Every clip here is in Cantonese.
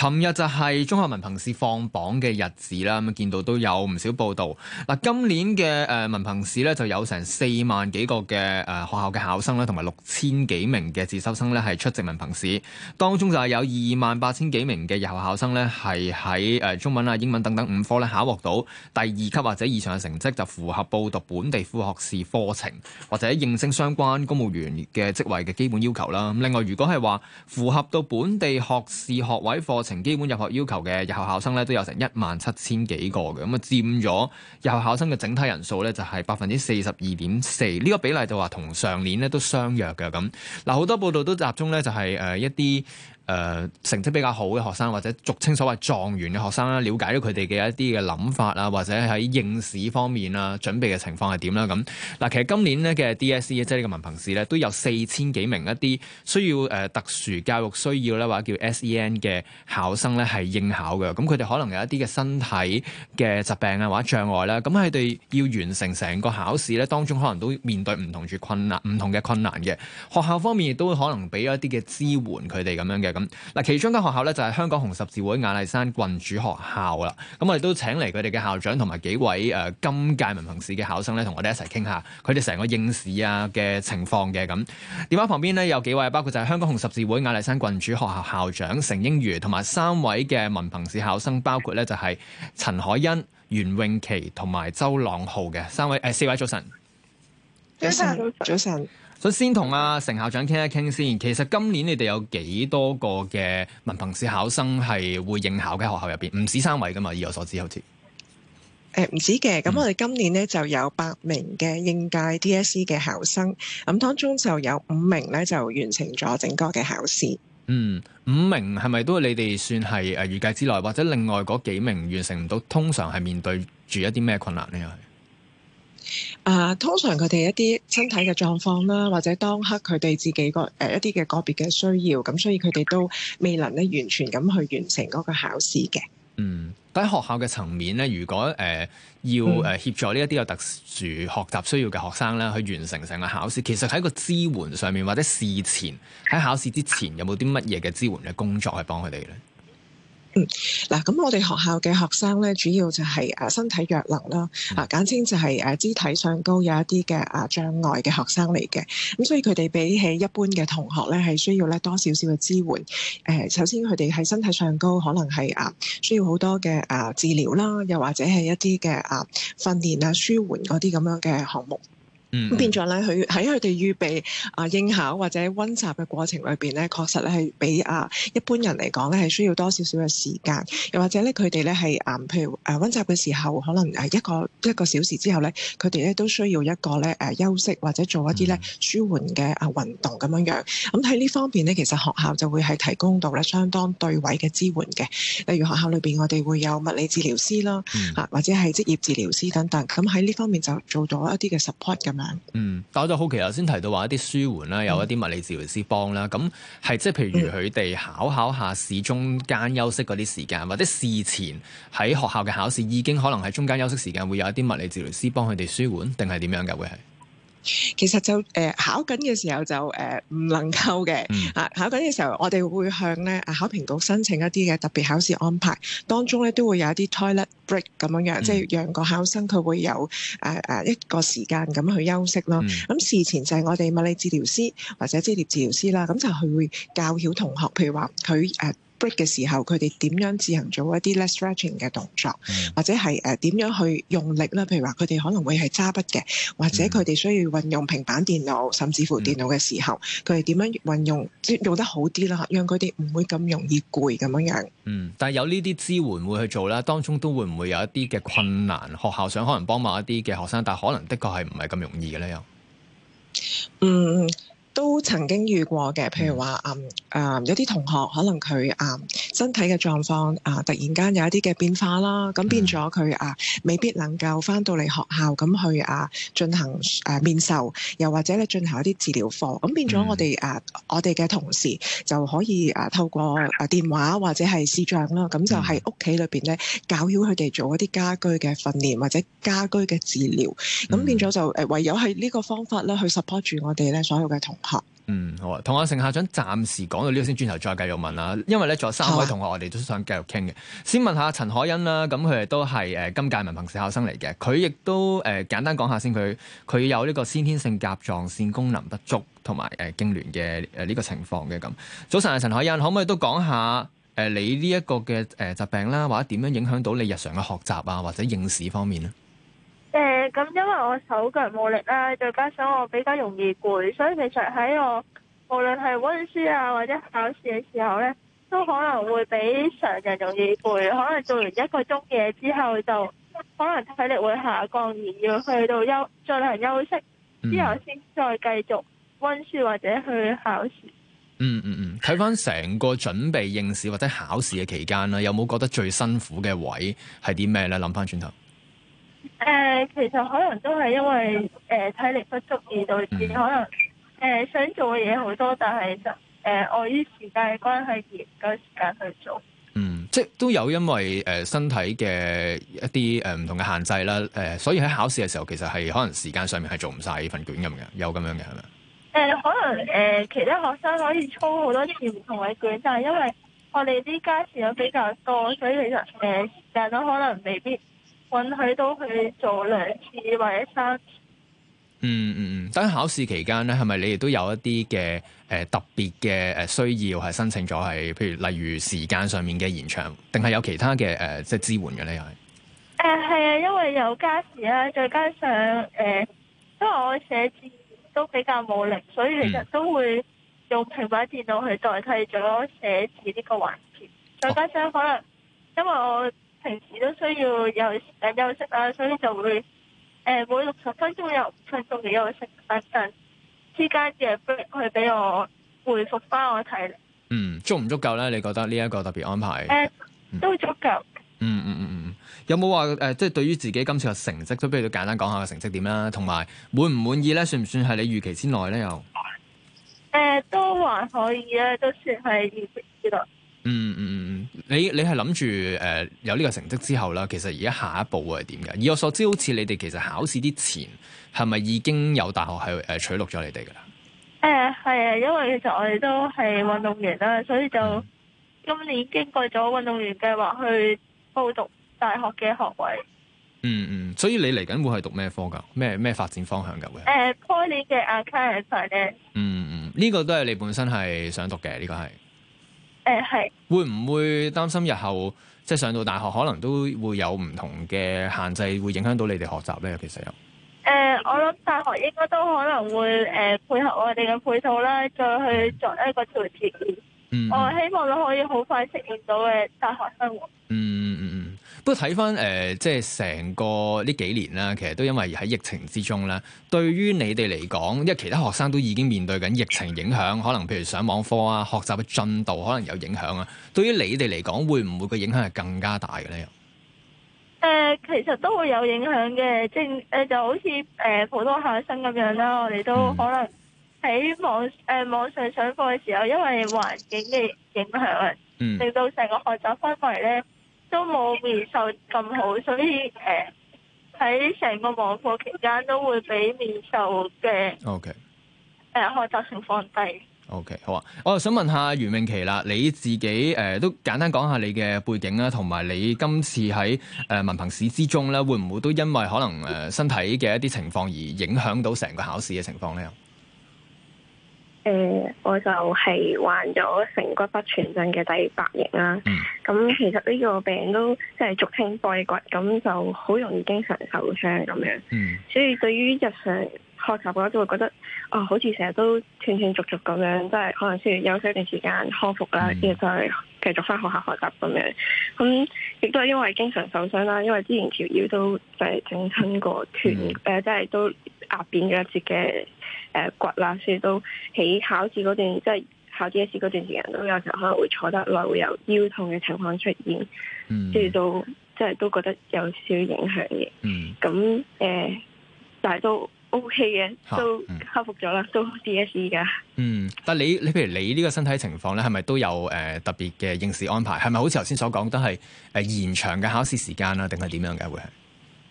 尋日就係中學文憑試放榜嘅日子啦，咁見到都有唔少報道。嗱，今年嘅誒文憑試咧，就有成四萬幾個嘅誒學校嘅考生咧，同埋六千幾名嘅自修生咧，係出席文憑試。當中就係有二萬八千幾名嘅日校考生咧，係喺誒中文啊、英文等等五科咧考獲到第二級或者以上嘅成績，就符合報讀本地副學士課程或者應徵相關公務員嘅職位嘅基本要求啦。另外，如果係話符合到本地學士學位課程，成基本入學要求嘅日校考生咧，都有成一萬七千幾個嘅，咁啊佔咗日校考生嘅整體人數咧，就係百分之四十二點四，呢個比例就話同上年咧都相若嘅咁。嗱，好多報道都集中咧就係、是、誒、呃、一啲。誒、呃、成績比較好嘅學生，或者俗稱所謂狀元嘅學生啦，瞭解咗佢哋嘅一啲嘅諗法啊，或者喺應試方面啊，準備嘅情況係點啦？咁、嗯、嗱，其實今年咧嘅 DSE 即係呢個文憑試咧，都有四千幾名一啲需要誒、呃、特殊教育需要咧，或者叫 SEN 嘅考生咧係應考嘅。咁佢哋可能有一啲嘅身體嘅疾病啊，或者障礙啦。咁佢哋要完成成個考試咧，當中可能都面對唔同處困難、唔同嘅困難嘅。學校方面亦都會可能俾一啲嘅支援佢哋咁樣嘅。嗱，其中間學校咧就係香港紅十字會雅麗珊郡主學校啦。咁我哋都請嚟佢哋嘅校長同埋幾位誒、呃、今屆文憑試嘅考生咧，同我哋一齊傾下佢哋成個應試啊嘅情況嘅咁。電話旁邊呢，有幾位，包括就係香港紅十字會雅麗珊郡主學校校長成英愉，同埋三位嘅文憑試考生，包括咧就係陳可欣、袁泳琪同埋周朗浩嘅三位誒、呃、四位，早晨，早晨，早晨，早晨，早晨。所以先同阿、啊、成校長傾一傾先。其實今年你哋有幾多個嘅文憑試考生係會應考嘅學校入邊？唔止三位㗎嘛，以我所知好似、呃。誒唔止嘅，咁我哋今年咧就有八名嘅應屆 DSE 嘅考生，咁當中就有五名咧就完成咗整個嘅考試。嗯，五名係咪都係你哋算係誒預計之內？或者另外嗰幾名完成唔到，通常係面對住一啲咩困難咧？啊，通常佢哋一啲身體嘅狀況啦，或者當刻佢哋自己個誒、呃、一啲嘅個別嘅需要，咁所以佢哋都未能咧完全咁去完成嗰個考試嘅。嗯，但喺學校嘅層面咧，如果誒、呃、要誒協助呢一啲有特殊學習需要嘅學生咧，嗯、去完成成個考試，其實喺個支援上面或者事前喺考試之前有冇啲乜嘢嘅支援嘅工作去幫佢哋咧？嗯，嗱，咁我哋學校嘅學生咧，主要就係誒身體弱能啦，啊、嗯，簡稱就係誒肢體上高有一啲嘅啊障礙嘅學生嚟嘅，咁所以佢哋比起一般嘅同學咧，係需要咧多少少嘅支援。誒、呃，首先佢哋喺身體上高，可能係啊需要好多嘅誒治療啦，又或者係一啲嘅啊訓練啊舒緩嗰啲咁樣嘅項目。咁、mm hmm. 變咗咧，佢喺佢哋預備啊應考或者溫習嘅過程裏邊咧，確實咧係比啊一般人嚟講咧係需要多少少嘅時間，又或者咧佢哋咧係啊譬如誒溫習嘅時候，可能誒一個一個小時之後咧，佢哋咧都需要一個咧誒休息或者做一啲咧舒緩嘅啊運動咁樣樣。咁喺呢方面咧，其實學校就會係提供到咧相當對位嘅支援嘅。例如學校裏邊我哋會有物理治療師啦，啊、mm hmm. 或者係職業治療師等等。咁喺呢方面就做咗一啲嘅 support 咁。嗯，但我就好奇，頭先提到話一啲舒緩啦，有一啲物理治療師幫啦，咁係即係譬如佢哋考考下試中間休息嗰啲時間，或者事前喺學校嘅考試已經可能喺中間休息時間會有一啲物理治療師幫佢哋舒緩，定係點樣㗎？會係？其實就誒、呃、考緊嘅時候就誒唔、呃、能夠嘅、嗯、啊考緊嘅時候，我哋會向咧考評局申請一啲嘅特別考試安排，當中咧都會有一啲 toilet break 咁樣樣，嗯、即係讓個考生，佢會有誒誒、呃、一個時間咁去休息咯咁、嗯啊、事前就係我哋物理治療師或者職業治療師啦，咁就佢會教曉同學，譬如話佢誒。呃 break 嘅時候，佢哋點樣自行做一啲 less stretching 嘅動作，嗯、或者係誒點樣去用力啦，譬如話，佢哋可能會係揸筆嘅，或者佢哋需要運用平板電腦，甚至乎電腦嘅時候，佢哋點樣運用即用得好啲啦，讓佢哋唔會咁容易攰咁樣樣。嗯，但係有呢啲支援會去做啦，當中都會唔會有一啲嘅困難？學校想可能幫忙一啲嘅學生，但係可能的確係唔係咁容易嘅咧？又嗯。都曾經遇過嘅，譬如話誒誒有啲同學可能佢誒身體嘅狀況啊，突然間有一啲嘅變化啦，咁變咗佢啊，未必能夠翻到嚟學校咁去啊進行誒面授，又或者咧進行一啲治療課，咁變咗我哋誒、mm hmm. 我哋嘅同事就可以誒透過誒電話或者係視像啦，咁就喺屋企裏邊咧教曉佢哋做一啲家居嘅訓練或者家居嘅治療，咁變咗就誒唯有係呢個方法咧去 support 住我哋咧所有嘅同學。嗯，好。同阿盛校長暫時講到呢個先，轉頭再繼續問啦。因為咧，仲有三位同學，我哋都想繼續傾嘅。先問下陳可欣啦，咁佢哋都係誒今屆文憑試考生嚟嘅。佢亦都誒、呃、簡單講下先，佢佢有呢個先天性甲狀腺功能不足同埋誒痙攣嘅誒呢個情況嘅。咁早晨啊，陳可欣，可唔可以都講下誒、呃、你呢一個嘅誒疾病啦，或者點樣影響到你日常嘅學習啊，或者應試方面咧？咁，因為我手腳冇力啦，再加上我比較容易攰，所以其實喺我無論係溫書啊或者考試嘅時候咧，都可能會比常人容易攰。可能做完一個鐘嘢之後就，就可能體力會下降，而要去到休進行休息之後，先再繼續溫書或者去考試。嗯。嗯嗯嗯，睇翻，成個準備應試或者考試嘅期間啦，有冇覺得最辛苦嘅位係啲咩咧？諗翻轉頭，誒。Uh, 其實可能都係因為誒、呃、體力不足而導致，嗯、可能誒、呃、想做嘅嘢好多，但係就誒礙於時間關係而唔夠時間去做。嗯，即係都有因為誒、呃、身體嘅一啲誒唔同嘅限制啦。誒、呃，所以喺考試嘅時候，其實係可能時間上面係做唔晒呢份卷咁嘅，有咁樣嘅係咪？誒、呃，可能誒、呃、其他學生可以操好多次唔同嘅卷，但係因為我哋啲家事都比較多，所以其實誒時間都可能未必。允許到佢做兩次或者三次。嗯嗯嗯，等、嗯、考試期間咧，係咪你亦都有一啲嘅誒特別嘅誒需要係申請咗係，譬如例如時間上面嘅延長，定係有其他嘅誒、呃、即係支援嘅咧？又係誒係啊，因為有加時啊，再加上誒、呃，因為我寫字都比較冇力，所以其實、嗯、都會用平板電腦去代替咗寫字呢個環節。再加上可能因為我。平時都需要休誒休息啊，所以就會誒、呃、每六十分鐘有五分鐘嘅休息，但之間嘅 break 佢俾我回復翻我睇。嗯，足唔足夠咧？你覺得呢一個特別安排？誒、呃，都足夠、嗯。嗯嗯嗯嗯，有冇話誒，即係對於自己今次嘅成績，都不如都簡單講下個成績點啦，同埋滿唔滿意咧？算唔算係你預期之內咧？又誒、呃，都還可以咧，都算係預期之內。嗯嗯嗯，你你係諗住誒有呢個成績之後啦，其實而家下一步會係點嘅？以我所知，好似你哋其實考試之前係咪已經有大學係誒取錄咗你哋噶啦？誒係啊，因為其實我哋都係運動員啦，所以就今年經過咗運動員計劃去報讀大學嘅學位。嗯嗯，所以你嚟緊會係讀咩科噶？咩咩發展方向噶？誒，今年嘅 accountant 嗯嗯，呢、嗯這個都係你本身係想讀嘅，呢、這個係。誒，係會唔會擔心日後即係上到大學可能都會有唔同嘅限制，會影響到你哋學習咧？其實又誒、呃，我諗大學應該都可能會誒、呃、配合我哋嘅配套啦，再去作一個調節。嗯，嗯，嗯，我希望你可以好快適應到嘅大學生活。嗯嗯嗯。都睇翻誒，即係成個呢幾年啦，其實都因為喺疫情之中啦。對於你哋嚟講，因為其他學生都已經面對緊疫情影響，可能譬如上網課啊，學習嘅進度可能有影響啊。對於你哋嚟講，會唔會個影響係更加大嘅咧？誒、呃，其實都會有影響嘅，即係誒就好似誒、呃、普通考生咁樣啦。我哋都可能喺網誒、嗯呃、網上上課嘅時候，因為環境嘅影響啊，嗯、令到成個學習氛圍咧，都冇面授咁好，所以誒喺成個網課期間都會俾面授嘅。OK，誒、呃、學習情況低。OK，好啊。我又想問下袁詠琪啦，你自己誒、呃、都簡單講下你嘅背景啦，同埋你今次喺誒、呃、文憑試之中咧，會唔會都因為可能誒身體嘅一啲情況而影響到成個考試嘅情況咧？誒、呃，我就係患咗成骨不全症嘅第八型啦。咁、嗯嗯、其實呢個病都即係俗稱背骨，咁就好容易經常受傷咁樣。嗯。所以對於日常學習嘅話，就會覺得啊、哦，好似成日都斷斷續續咁樣，即係可能先休息一段時間康復啦，嗯、然後再繼續翻學校學習咁樣。咁亦都係因為經常受傷啦，因為之前條腰都就係整親過斷，誒、嗯呃，即係都。壓扁嘅一節嘅誒骨啦，所以都喺考試嗰段，即係考 DSE 嗰段時間，都有時候可能會坐得耐，會有腰痛嘅情況出現，嗯、所以都即係都覺得有少少影響嘅。嗯，咁誒、呃，但係都 OK 嘅，都克服咗啦，都 DSE 噶。嗯，試試。嗯，但係你你譬如你呢個身體情況咧，係咪都有誒、呃、特別嘅應試安排？係咪好似頭先所講都係誒延長嘅考試時間啊？定係點樣嘅會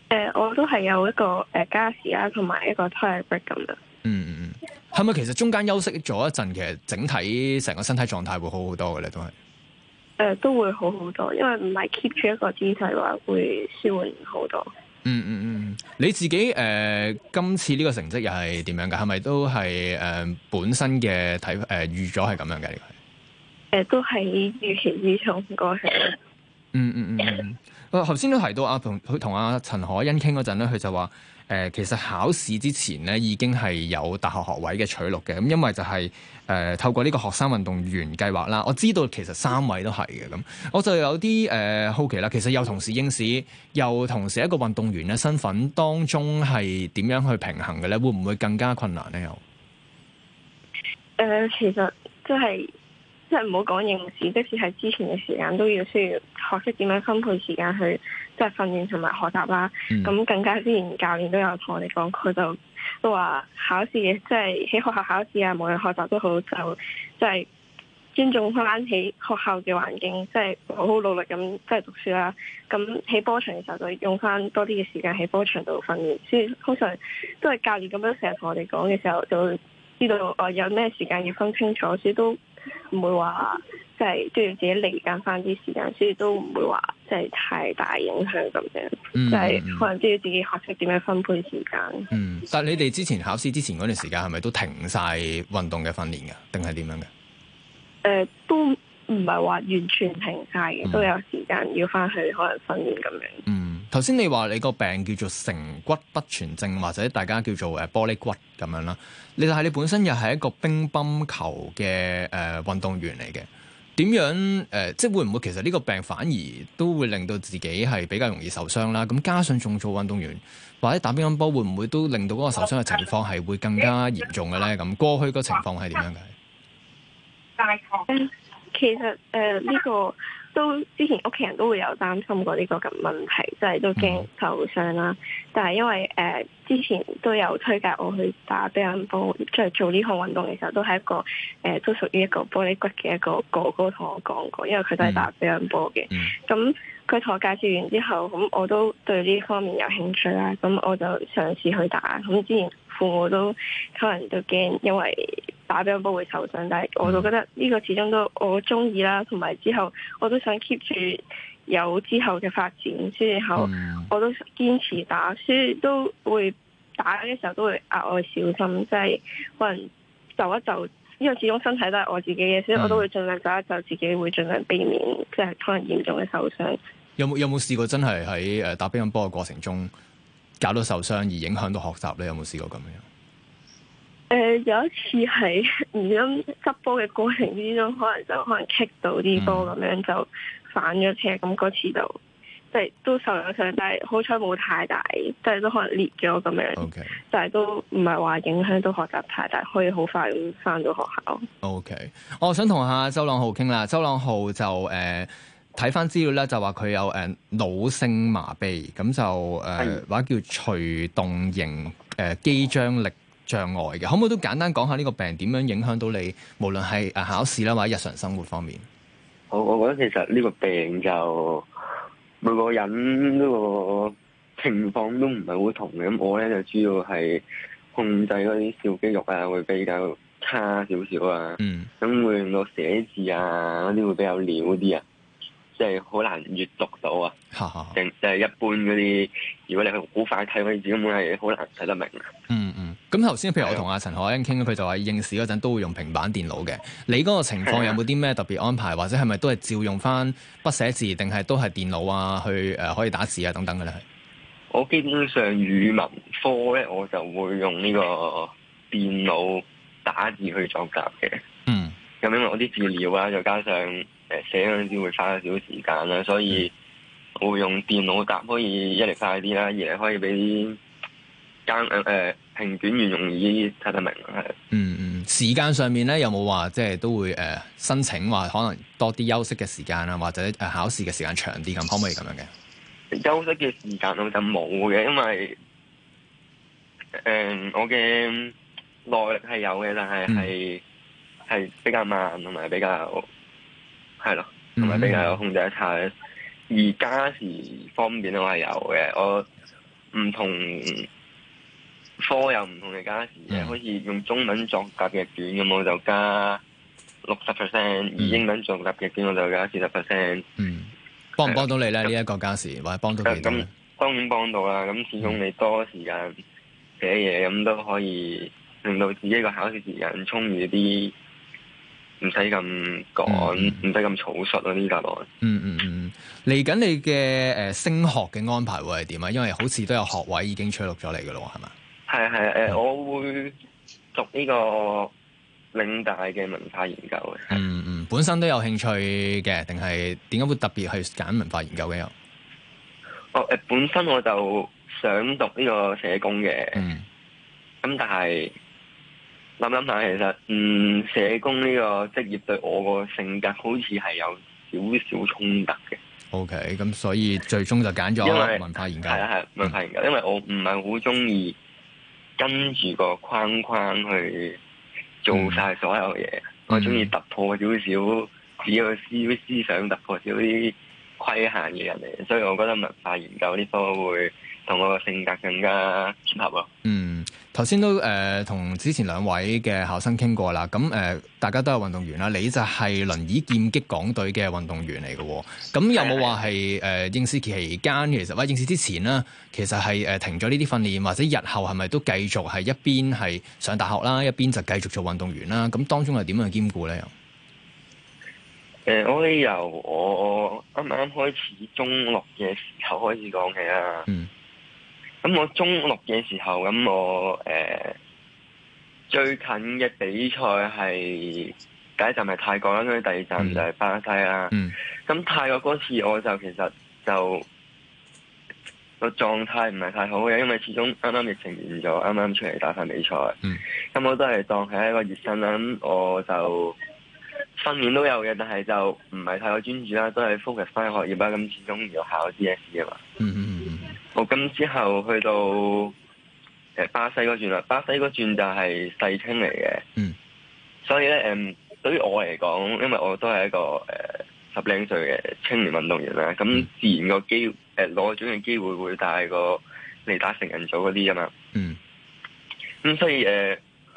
誒，我都係有一個誒加時啦，同埋一個 time break 咁樣。嗯嗯嗯，係咪其實中間休息咗一陣，其實整體成個身體狀態會好好多嘅咧？都係誒，都會好好多，因為唔係 keep 住一個姿勢話會消融好多。嗯嗯嗯，你自己誒、呃、今次呢個成績又係點樣㗎？係咪都係誒、呃、本身嘅體誒預咗係咁樣嘅？誒，都係預期之中，過去。嗯嗯嗯嗯。嗯我頭先都提到啊，同佢同阿陳可欣傾嗰陣咧，佢就話誒，其實考試之前咧已經係有大學學位嘅取錄嘅，咁因為就係誒透過呢個學生運動員計劃啦。我知道其實三位都係嘅，咁，我就有啲誒好奇啦。其實又同時應試，又同時一個運動員嘅身份當中係點樣去平衡嘅咧？會唔會更加困難咧？又誒，其實即係。即係唔好講應試，即使喺之前嘅時間都要需要學識點樣分配時間去訓練，即係訓練同埋學習啦。咁更加之前教練都有同我哋講佢，就都話考試，即係喺學校考試啊，無論學習都好，就即係尊重翻起學校嘅環境，即係好好努力咁即係讀書啦。咁喺波場嘅時候就用翻多啲嘅時間喺波場度訓練。所以通常都係教練咁樣成日同我哋講嘅時候，就知道我有咩時間要分清楚，所以都。唔會話即係都要自己離間翻啲時間，所以都唔會話即係太大影響咁樣，即係、嗯嗯、可能都要自己學識點樣分配時間。嗯，但係你哋之前考試之前嗰段時間係咪都停晒運動嘅訓練噶，定係點樣嘅？誒、呃，都唔係話完全停晒嘅，都有時間要翻去、嗯、可能訓練咁樣。嗯頭先你話你個病叫做成骨不全症，或者大家叫做誒玻璃骨咁樣啦。你但係你本身又係一個乒乓球嘅誒、呃、運動員嚟嘅，點樣誒、呃、即係會唔會其實呢個病反而都會令到自己係比較容易受傷啦？咁加上仲做運動員或者打乒乓波，會唔會都令到嗰個受傷嘅情況係會更加嚴重嘅咧？咁過去個情況係點樣嘅？大係、呃、其實誒呢、呃這個。都之前屋企人都會有擔心過呢個咁問題，即係都驚受傷啦。嗯、但係因為誒、呃、之前都有推介我去打乒乓波，即、就、係、是、做呢項運動嘅時候，都係一個誒、呃、都屬於一個玻璃骨嘅一個哥哥同我講過，因為佢都係打乒乓波嘅。咁佢同我介紹完之後，咁我都對呢方面有興趣啦。咁我就嘗試去打。咁之前父母都可能都驚，因為。打乒乓波會受傷，但係我就覺得呢個始終都我中意啦，同埋之後我都想 keep 住有之後嘅發展，之後我都堅持打，輸都會打嘅時候都會額外小心，即係可能就一就，因為始終身體都係我自己嘅，所以我都會盡量打一就自己會盡量避免即係可能嚴重嘅受傷。有冇有冇試過真係喺誒打乒乓波嘅過程中搞到受傷而影響到學習咧？有冇試過咁樣？誒、呃，有一次係唔知執波嘅過程之中，可能就可能棘到啲波咁樣，就反咗車。咁嗰次就即係都受咗傷，但係好彩冇太大，即係都可能裂咗咁樣，Okay. 但係都唔係話影響到學習太大，可以好快翻到學校。OK，我、oh, 想同下周朗浩傾啦。周朗浩就誒睇翻資料咧，就話佢有誒腦性麻痹，咁就誒話、呃、的叫徐動型誒肌張力。障礙嘅，可唔可以都簡單講下呢個病點樣影響到你？無論係誒考試啦，或者日常生活方面，我我覺得其實呢個病就每個人呢個情況都唔係好同嘅。咁我咧就主要係控制嗰啲小肌肉啊，會比較差少少、嗯、啊。嗯，咁會令到寫字啊嗰啲會比較潦啲啊，即係好難閱讀到啊。定就係、係、一般嗰啲，如果你係好快睇位置，咁根本係好難睇得明、嗯。嗯嗯。咁頭先，譬如我同阿陳可欣傾佢就話應試嗰陣都會用平板電腦嘅。你嗰個情況有冇啲咩特別安排，或者係咪都係照用翻筆寫字，定係都係電腦啊？去誒、呃、可以打字啊等等嘅咧？我基本上語文科咧，我就會用呢個電腦打字去作答嘅。嗯，咁因為我啲資料啊，再加上誒寫嗰陣會花少少時間啦，所以會用電腦答，可以一嚟快啲啦，二嚟可以俾間誒，評卷員容易睇得明係。嗯嗯，時間上面咧有冇話，即係都會誒、呃、申請話可能多啲休息嘅時間啦，或者誒、呃、考試嘅時間長啲咁，可唔可以咁樣嘅？休息嘅時間我就冇嘅，因為誒、嗯、我嘅耐力係有嘅，但係係係比較慢，同埋比較係咯，同埋比較有控制一下。嗯、而家時方面我係有嘅，我唔同科有唔同嘅加時，可以、嗯、用中文作答嘅卷咁我就加六十 percent，而英文作答嘅卷我就加四十 percent。嗯，幫唔幫到你咧？呢一個加時或者幫到幾多？咁當然幫到啦。咁始終你多時間寫嘢，咁都可以令到自己個考試時間充裕啲，唔使咁趕，唔使咁草率咯呢個。嗯嗯嗯。嚟、嗯、緊你嘅誒、呃、升學嘅安排會係點啊？因為好似都有學位已經取錄咗嚟嘅咯，係嘛？係係誒，我會讀呢個嶺大嘅文化研究嘅。嗯嗯，本身都有興趣嘅，定係點解會特別去揀文化研究嘅又？哦誒、呃，本身我就想讀呢個社工嘅。嗯。咁但係諗諗下，其實嗯，社工呢個職業對我個性格好似係有少少衝突嘅。OK，咁所以最終就揀咗文化研究。係啊係，文化研究，嗯、因為我唔係好中意。跟住個框框去做晒所有嘢，mm hmm. 我中意突破少少，只有思思想突破少啲規限嘅人嚟，所以我覺得文化研究呢科會同我個性格更加貼合咯。嗯、mm。Hmm. 頭先都誒同之前兩位嘅考生傾過啦，咁誒大家都係運動員啦，你就係輪椅劍擊港隊嘅運動員嚟嘅。咁 有冇話係誒應試期間其實或者應試之前啦，其實係誒停咗呢啲訓練，或者日後係咪都繼續係一邊係上大學啦，一邊就繼續做運動員啦？咁當中係點樣兼顧咧？又誒，我可以由我啱啱開始中六嘅時候開始講起啦。嗯咁我中六嘅時候，咁我誒、呃、最近嘅比賽係第一站係泰國啦，跟住第二站就係巴西啦。咁、嗯、泰國嗰次我就其實就個狀態唔係太好嘅，因為始終啱啱疫情剛剛完咗，啱啱出嚟打份比賽。咁我都係當係一個熱身啦，咁我就訓練都有嘅，但係就唔係太過專注啦，都係復習翻學業啦。咁始終要考 DSE 啊嘛。嗯嗯咁、哦、之後去到誒巴西嗰轉啦，巴西嗰轉就係世青嚟嘅，嗯、所以咧誒、呃、對於我嚟講，因為我都係一個誒、呃、十零歲嘅青年運動員啦，咁自然個機誒攞獎嘅機會會大過嚟打成人組嗰啲啊嘛，咁、嗯嗯嗯、所以誒、呃、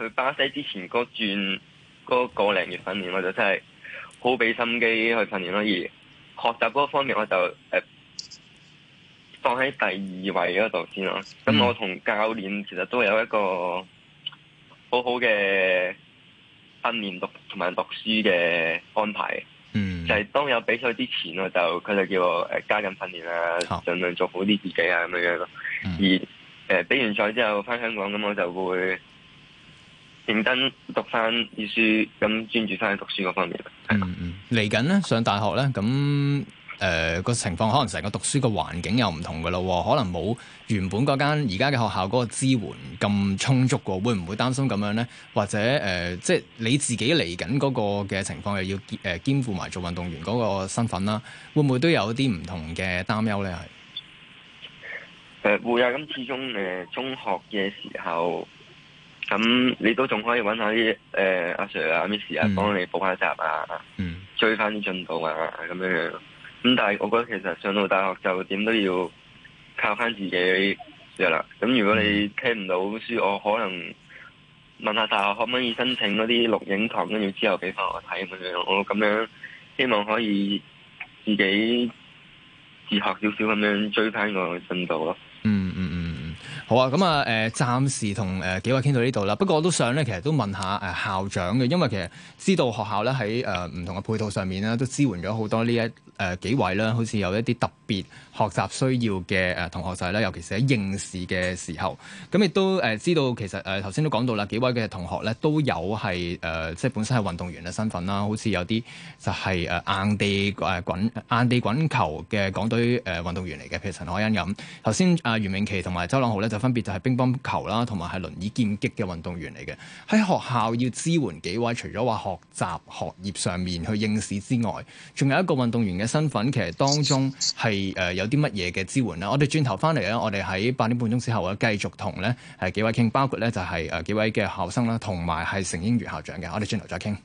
去巴西之前嗰轉嗰個零月訓練，我就真係好俾心機去訓練咯，而學習嗰方面我就誒。呃放喺第二位嗰度先咯。咁我同教練其實都有一個好好嘅訓練讀同埋讀書嘅安排。嗯，就係當有比賽之前我就佢就叫我誒加緊訓練啊，盡量做好啲自己啊咁樣咯。嗯、而誒、呃、比完賽之後翻香港咁，我就會認真讀翻啲書，咁專注翻喺讀書嗰方面。嚟緊、嗯嗯、呢，上大學呢。咁。誒，個、呃、情況可能成個讀書個環境又唔同噶咯，可能冇原本嗰間而家嘅學校嗰個支援咁充足個，會唔會擔心咁樣咧？或者誒、呃，即係你自己嚟緊嗰個嘅情況又要誒、呃、兼顧埋做運動員嗰個身份啦，會唔會都有啲唔同嘅擔憂咧？誒、呃，會啊！咁始終誒中學嘅時候，咁、嗯、你都仲可以揾下啲誒阿 Sir 啊 Miss 啊，啊，幫你補下習啊，嗯、追翻啲進度啊，咁樣樣。咁但係，我覺得其實上到大學就點都要靠翻自己嘅啦。咁如果你聽唔到書，我可能問下大學可唔可以申請嗰啲錄影堂，跟住之後俾翻我睇咁樣。我咁樣希望可以自己自學少少咁樣追翻個進度咯。嗯嗯嗯嗯，好啊。咁啊，誒、呃，暫時同誒、呃、幾位傾到呢度啦。不過我都想咧，其實都問下誒、呃、校長嘅，因為其實知道學校咧喺誒唔同嘅配套上面咧，都支援咗好多呢一。誒、呃、幾位啦，好似有一啲特別學習需要嘅誒同學仔啦，尤其是喺應試嘅時候，咁、嗯、亦都誒、呃、知道其實誒頭先都講到啦，幾位嘅同學咧都有係誒、呃、即係本身係運動員嘅身份啦，好似有啲就係誒硬地誒滾硬地滾球嘅港隊誒、呃、運動員嚟嘅，譬如陳可欣咁。頭先啊袁泳琪同埋周朗浩咧就分別就係乒乓球啦，同埋係輪椅劍擊嘅運動員嚟嘅。喺學校要支援幾位，除咗話學習學業上面去應試之外，仲有一個運動員嘅身份其實當中係誒、呃、有啲乜嘢嘅支援咧？我哋轉頭翻嚟咧，我哋喺八點半鐘之後咧繼續同咧誒幾位傾，包括咧就係、是、誒、呃、幾位嘅考生啦，同埋係成英愉校長嘅。我哋轉頭再傾。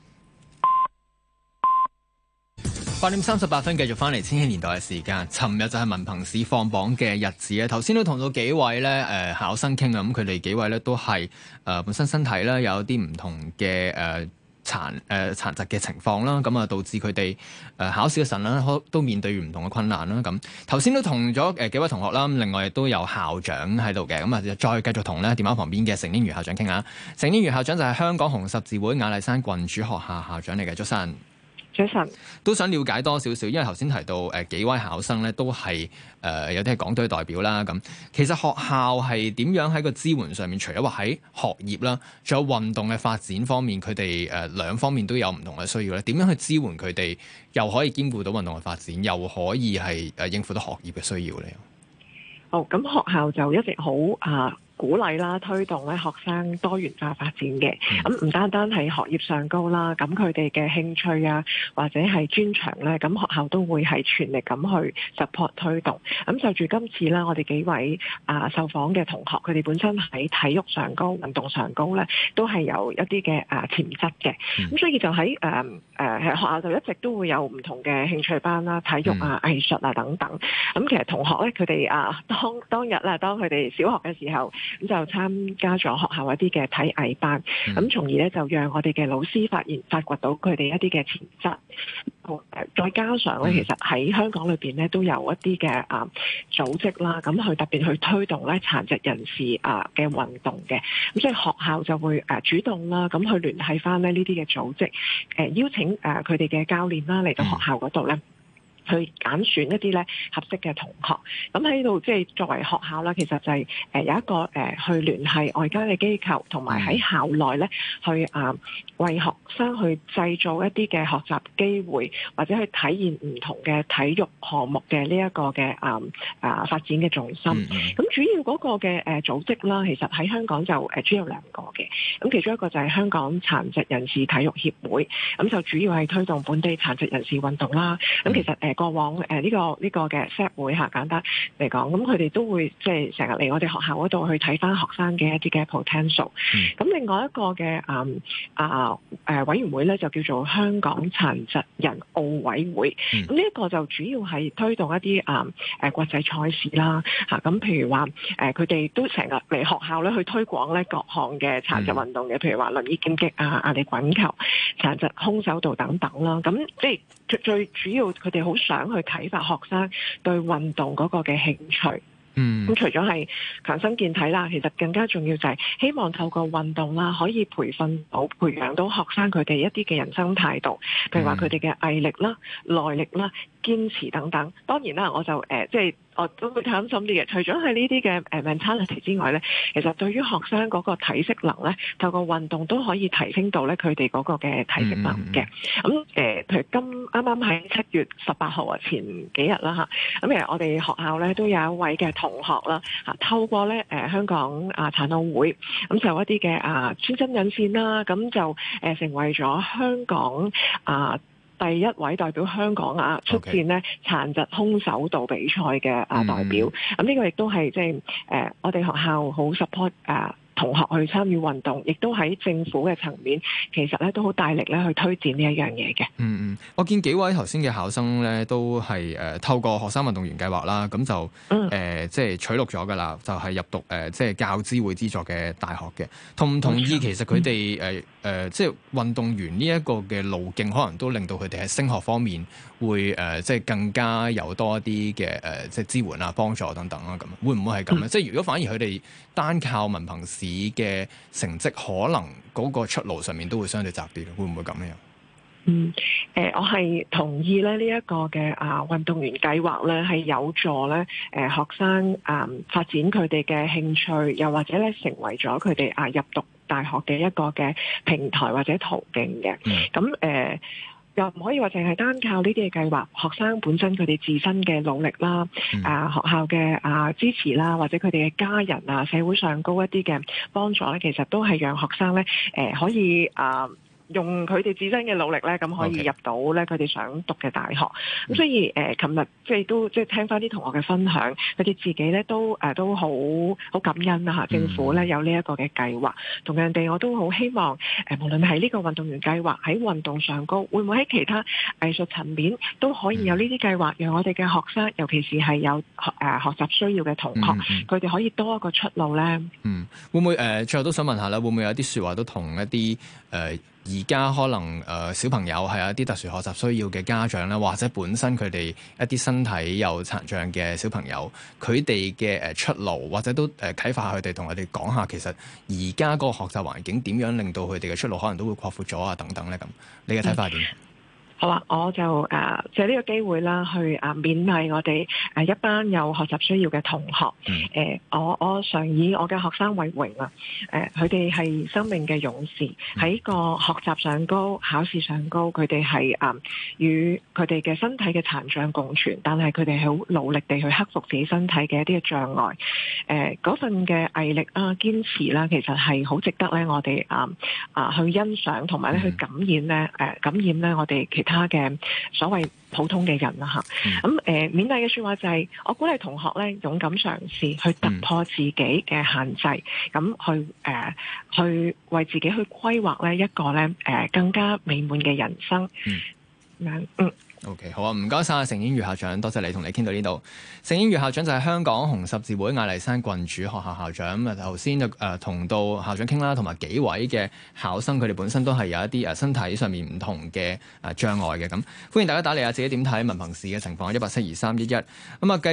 八點三十八分繼續翻嚟千禧年代嘅時間，尋日就係文憑試放榜嘅日子啊！頭先都同到幾位咧誒、呃、考生傾啊，咁佢哋幾位咧都係誒、呃、本身身體咧有啲唔同嘅誒、呃殘誒、呃、殘疾嘅情況啦，咁、嗯、啊導致佢哋誒考試嘅時陣咧，都面對唔同嘅困難啦。咁頭先都同咗誒幾位同學啦，另外亦都有校長喺度嘅，咁、嗯、啊再繼續同咧電話旁邊嘅成英愉校長傾下。成英愉校長就係香港紅十字會雅麗珊郡主學校校、校長嚟嘅，早晨。都想了解多少少，因為頭先提到誒、呃、幾位考生咧，都係誒、呃、有啲係港隊代表啦。咁、嗯、其實學校係點樣喺個支援上面，除咗話喺學業啦，仲有運動嘅發展方面，佢哋誒兩方面都有唔同嘅需要咧。點樣去支援佢哋，又可以兼顧到運動嘅發展，又可以係誒、呃、應付到學業嘅需要咧？哦，咁、嗯、學校就一直好啊。鼓勵啦，推動咧學生多元化發展嘅。咁唔、mm. 嗯、單單係學業上高啦，咁佢哋嘅興趣啊，或者係專長咧，咁學校都會係全力咁去 support 推動。咁、嗯、就住今次啦，我哋幾位啊、呃、受訪嘅同學，佢哋本身喺體育上高、運動上高咧，都係有一啲嘅啊潛質嘅。咁、mm. 所以就喺誒誒喺學校就一直都會有唔同嘅興趣班啦、體育啊、mm. 藝術啊等等。咁、嗯、其實同學咧，佢哋啊當當日啊，當佢哋小學嘅時候。咁就參加咗學校一啲嘅體藝班，咁從、mm hmm. 而咧就讓我哋嘅老師發現發掘到佢哋一啲嘅潛質。再加上咧，其實喺香港裏邊咧都有一啲嘅啊組織啦，咁去特別去推動咧殘疾人士啊嘅運動嘅。咁所以學校就會誒主動啦，咁去聯繫返咧呢啲嘅組織，誒邀請誒佢哋嘅教練啦嚟到學校嗰度咧。去揀選，選一啲咧合適嘅同學，咁喺度即係作為學校啦，其實就係、是、誒、呃、有一個誒、呃、去聯繫外間嘅機構，同埋喺校內咧去誒、呃、為學生去製造一啲嘅學習機會，或者去體驗唔同嘅體育項目嘅呢一個嘅誒誒發展嘅重心。咁、mm hmm. 主要嗰個嘅誒組織啦，其實喺香港就誒主要有兩個嘅，咁其中一個就係香港殘疾人士體育協會，咁就主要係推動本地殘疾人士運動啦。咁、mm hmm. 其實誒。呃過往誒呢個呢個嘅 set 會嚇簡單嚟講，咁佢哋都會即係成日嚟我哋學校嗰度去睇返學生嘅一啲嘅 potential。咁另外一個嘅誒啊誒委員會咧就叫做香港殘疾人奧委會，咁呢一個就主要係推動一啲啊誒國際賽事啦嚇。咁譬如話誒佢哋都成日嚟學校咧去推廣咧各項嘅殘疾運動嘅，譬如話輪椅劍擊啊、硬地滾球、殘疾空手道等等啦。咁即係最最主要佢哋好。想去啟發學生對運動嗰個嘅興趣，嗯，咁除咗係強身健體啦，其實更加重要就係希望透過運動啦，可以培訓到、培養到學生佢哋一啲嘅人生態度，譬如話佢哋嘅毅力啦、耐力啦、堅持等等。當然啦，我就誒、呃、即係。我、哦、都會擔心啲嘅，除咗係呢啲嘅誒 mentality 之外咧，其實對於學生嗰個體適能咧，透過運動都可以提升到咧佢哋嗰個嘅體適能嘅。咁譬如今啱啱喺七月十八號啊前幾日啦嚇，咁、啊、誒、呃、我哋學校咧都有一位嘅同學啦嚇、啊，透過咧誒、呃、香港啊殘奧會，咁、啊、就一啲嘅啊穿針引線啦，咁就誒成為咗香港啊。第一位代表香港啊出戰咧 Okay. 殘疾空手道比賽嘅啊代表，咁呢、mm hmm. 嗯這個亦都係即係誒我哋學校好 support 誒、呃。同學去參與運動，亦都喺政府嘅層面，其實咧都好大力咧去推薦呢一樣嘢嘅。嗯嗯，我見幾位頭先嘅考生咧，都係誒、呃、透過學生運動員計劃啦，咁就誒、呃、即係取錄咗噶啦，就係、是、入讀誒、呃、即係教資會資助嘅大學嘅。同唔同意？其實佢哋誒誒即係運動員呢一個嘅路徑，可能都令到佢哋喺升學方面會誒、呃、即係更加有多一啲嘅誒即係支援啊、幫助等等啦。咁，會唔會係咁咧？嗯、即係如果反而佢哋單靠文憑試？嘅成績可能嗰個出路上面都會相對窄啲，會唔會咁樣？嗯，誒、呃，我係同意咧，呢、這、一個嘅啊運動員計劃咧係有助咧，誒、呃，學生啊、嗯、發展佢哋嘅興趣，又或者咧成為咗佢哋啊入讀大學嘅一個嘅平台或者途徑嘅，咁誒、嗯。又唔可以話淨係單靠呢啲嘅計劃，學生本身佢哋自身嘅努力啦、嗯啊，啊學校嘅啊支持啦、啊，或者佢哋嘅家人啊，社會上高一啲嘅幫助咧，其實都係讓學生咧，誒、呃、可以啊。用佢哋自身嘅努力咧，咁可以入到咧佢哋想讀嘅大學。咁 Okay. 所以誒，琴、呃、日即係都即係聽翻啲同學嘅分享，佢哋自己咧都誒、呃、都好好感恩啊。吓，政府咧有呢一個嘅計劃，mm hmm. 同樣哋我都好希望誒、呃，無論係呢個運動員計劃喺運動上高，會唔會喺其他藝術層面都可以有呢啲計劃，讓我哋嘅學生，尤其是係有誒學習需要嘅同學，佢哋、mm hmm. 可以多一個出路咧。嗯、mm，hmm. 會唔會誒、呃，最後都想問下啦，會唔會有啲說話都同一啲誒。呃而家可能誒、呃、小朋友係有一啲特殊學習需要嘅家長咧，或者本身佢哋一啲身體有殘障嘅小朋友，佢哋嘅誒出路，或者都誒、呃、啟發下佢哋，同佢哋講下其實而家嗰個學習環境點樣令到佢哋嘅出路可能都會擴闊咗啊等等咧咁，你嘅睇法係點？Okay. 好啦！我就誒、uh, 借呢個機會啦，去、uh, 誒勉勵我哋誒一班有學習需要嘅同學。誒、mm. 呃，我我常以我嘅學生為榮啊！誒，佢哋係生命嘅勇士，喺、mm. 個學習上高、考試上高，佢哋係誒與佢哋嘅身體嘅殘障共存，但係佢哋係好努力地去克服自己身體嘅一啲嘅障礙。誒、uh, 嗰份嘅毅力啊、堅持啦，uh, 其實係好值得咧，我哋誒誒去欣賞，同埋咧去感染咧誒、uh, 感染咧、uh, uh, 我哋其其他嘅所謂普通嘅人啦嚇，咁誒、嗯呃、勉勵嘅說話就係、是、我鼓勵同學咧勇敢嘗試去突破自己嘅限制，咁、嗯、去誒、呃、去為自己去規劃咧一個咧誒、呃、更加美滿嘅人生，咁嗯。嗯。OK，好啊，唔該晒啊，成英愉校長，多謝你同你傾到呢度。成英愉校長就係香港紅十字會雅麗珊郡主學校校、校長咁啊，頭先就誒同到校長傾啦，同埋幾位嘅考生，佢哋本身都係有一啲誒身體上面唔同嘅誒障礙嘅。咁，歡迎大家打嚟啊，自己點睇文憑試嘅情況？一八七二三一一咁啊，繼。